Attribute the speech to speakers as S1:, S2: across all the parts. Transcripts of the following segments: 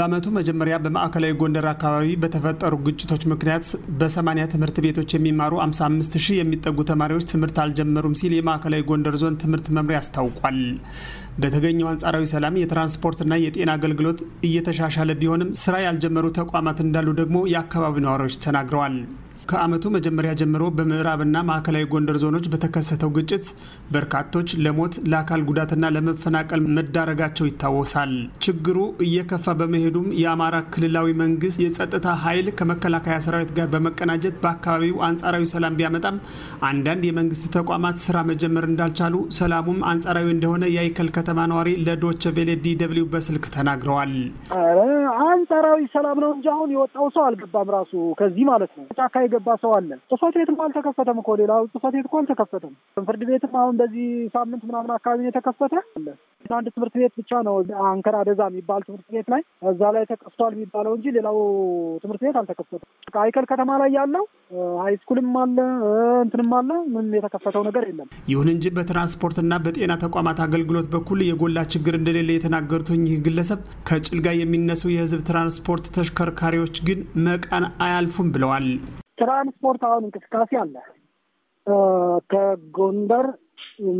S1: በዓመቱ መጀመሪያ በማዕከላዊ ጎንደር አካባቢ በተፈጠሩ ግጭቶች ምክንያት በሰማኒያ ትምህርት ቤቶች የሚማሩ 55 ሺህ የሚጠጉ ተማሪዎች ትምህርት አልጀመሩም ሲል የማዕከላዊ ጎንደር ዞን ትምህርት መምሪያ አስታውቋል። በተገኘው አንጻራዊ ሰላም የትራንስፖርትና የጤና አገልግሎት እየተሻሻለ ቢሆንም ስራ ያልጀመሩ ተቋማት እንዳሉ ደግሞ የአካባቢው ነዋሪዎች ተናግረዋል። ከዓመቱ መጀመሪያ ጀምሮ በምዕራብና ማዕከላዊ ጎንደር ዞኖች በተከሰተው ግጭት በርካቶች ለሞት ለአካል ጉዳትና ለመፈናቀል መዳረጋቸው ይታወሳል። ችግሩ እየከፋ በመሄዱም የአማራ ክልላዊ መንግስት የጸጥታ ኃይል ከመከላከያ ሰራዊት ጋር በመቀናጀት በአካባቢው አንጻራዊ ሰላም ቢያመጣም አንዳንድ የመንግስት ተቋማት ስራ መጀመር እንዳልቻሉ፣ ሰላሙም አንጻራዊ እንደሆነ የአይከል ከተማ ነዋሪ ለዶቸ ቬሌ ዲ ደብልዩ በስልክ ተናግረዋል።
S2: አንጻራዊ ሰላም ነው እንጂ አሁን የወጣው ሰው አልገባም ራሱ ከዚህ ማለት ነው። ጫካ የገባ ሰው አለ። ጽህፈት ቤትም አልተከፈተም እኮ ሌላ ጽፈት ቤት እኮ አልተከፈተም። ፍርድ ቤትም አሁን በዚህ ሳምንት ምናምን አካባቢ ነው የተከፈተ አለ አንድ ትምህርት ቤት ብቻ ነው አንከር አደዛ የሚባል ትምህርት ቤት ላይ እዛ ላይ ተከፍቷል የሚባለው እንጂ ሌላው ትምህርት ቤት አልተከፈተም። አይከል ከተማ ላይ ያለው ሀይስኩልም አለ እንትንም አለ ምንም የተከፈተው ነገር የለም።
S1: ይሁን እንጂ በትራንስፖርትና በጤና ተቋማት አገልግሎት በኩል የጎላ ችግር እንደሌለ የተናገሩት ይህ ግለሰብ ከጭልጋ የሚነሱ የህዝብ ትራንስፖርት ተሽከርካሪዎች ግን መቃን አያልፉም ብለዋል። ትራንስፖርት
S2: አሁን እንቅስቃሴ አለ ከጎንደር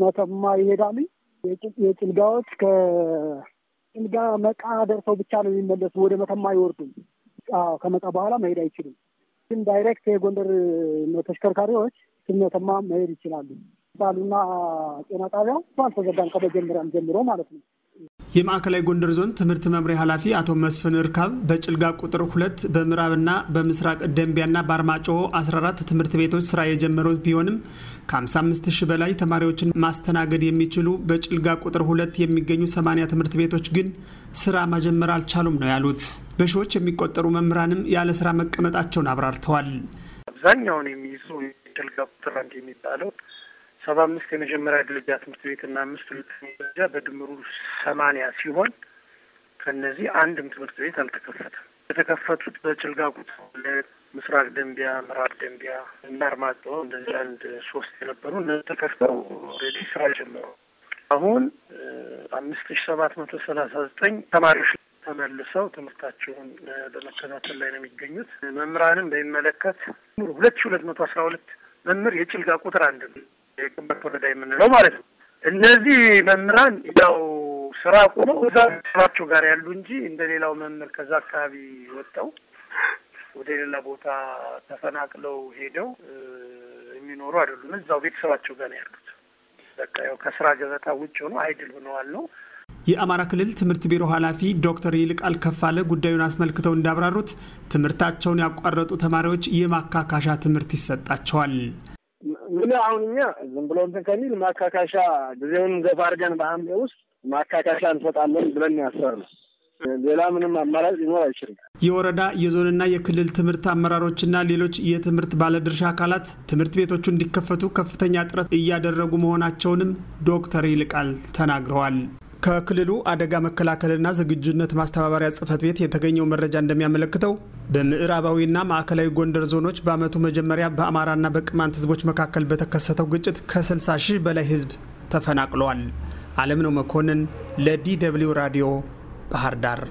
S2: መተማ ይሄዳል። የጭልጋዎች ከጭልጋ መቃ ደርሰው ብቻ ነው የሚመለሱ። ወደ መተማ አይወርዱም። ከመጣ ከመቃ በኋላ መሄድ አይችሉም። ግን ዳይሬክት የጎንደር ተሽከርካሪዎች ስመተማ መሄድ ይችላሉ። ባሉና ጤና ጣቢያ አልተዘጋም ከመጀመሪያም ጀምሮ ማለት ነው።
S1: የማዕከላዊ ጎንደር ዞን ትምህርት መምሪያ ኃላፊ አቶ መስፍን እርካብ በጭልጋ ቁጥር ሁለት በምዕራብና በምስራቅ ደንቢያና በአርማጭሆ 14 ትምህርት ቤቶች ስራ የጀመረ ቢሆንም ከ55 ሺህ በላይ ተማሪዎችን ማስተናገድ የሚችሉ በጭልጋ ቁጥር ሁለት የሚገኙ 80 ትምህርት ቤቶች ግን ስራ መጀመር አልቻሉም ነው ያሉት። በሺዎች የሚቆጠሩ መምህራንም ያለ ስራ መቀመጣቸውን አብራርተዋል። አብዛኛውን
S3: የሚይዙ ጭልጋ ቁጥር አንድ የሚባለው ሰባ አምስት የመጀመሪያ ደረጃ ትምህርት ቤት ቤትና አምስት ሁለተኛ ደረጃ በድምሩ ሰማንያ ሲሆን ከነዚህ አንድም ትምህርት ቤት አልተከፈተም። የተከፈቱት በጭልጋ ቁጥ፣ ምስራቅ ደንቢያ፣ ምዕራብ ደንቢያ እና አርማጭሆ እንደዚህ አንድ ሶስት የነበሩ እነዚህ ተከፍተው ሬዲ ስራ ጀመሩ። አሁን አምስት ሺ ሰባት መቶ ሰላሳ ዘጠኝ ተማሪዎች ተመልሰው ትምህርታቸውን በመከታተል ላይ ነው የሚገኙት። መምህራንም በሚመለከት ሁለት ሺ ሁለት መቶ አስራ ሁለት መምህር የጭልጋ ቁጥር አንድ ነው። የቅንበት ወረዳ የምንለው ማለት ነው። እነዚህ መምህራን ያው ስራ ቁመው እዛ ስራቸው ጋር ያሉ እንጂ እንደ ሌላው መምህር ከዛ አካባቢ ወጥተው ወደ ሌላ ቦታ ተፈናቅለው ሄደው የሚኖሩ አይደሉም። እዛው ቤተሰባቸው ጋር ያሉት በቃ ያው ከስራ ገበታ ውጭ ሆኖ አይድል ሆነዋል ነው።
S1: የአማራ ክልል ትምህርት ቢሮ ኃላፊ ዶክተር ይልቃል ከፋለ ጉዳዩን አስመልክተው እንዳብራሩት ትምህርታቸውን ያቋረጡ ተማሪዎች የማካካሻ ትምህርት ይሰጣቸዋል።
S3: ስለ አሁን እኛ ዝም ብሎ እንትን ከሚል ማካካሻ ጊዜውን ገፋ አድርገን በሐምሌ ውስጥ ማካካሻ እንሰጣለን ብለን ያሰር ነው። ሌላ ምንም አማራጭ
S1: ሊኖር አይችልም። የወረዳ የዞንና የክልል ትምህርት አመራሮችና ሌሎች የትምህርት ባለድርሻ አካላት ትምህርት ቤቶቹ እንዲከፈቱ ከፍተኛ ጥረት እያደረጉ መሆናቸውንም ዶክተር ይልቃል ተናግረዋል። ከክልሉ አደጋ መከላከልና ዝግጁነት ማስተባበሪያ ጽህፈት ቤት የተገኘው መረጃ እንደሚያመለክተው በምዕራባዊና ማዕከላዊ ጎንደር ዞኖች በዓመቱ መጀመሪያ በአማራና በቅማንት ህዝቦች መካከል በተከሰተው ግጭት ከ60 ሺህ በላይ ህዝብ ተፈናቅሏል። አለምነው ነው መኮንን ለዲ ደብልዩ ራዲዮ ባህር ዳር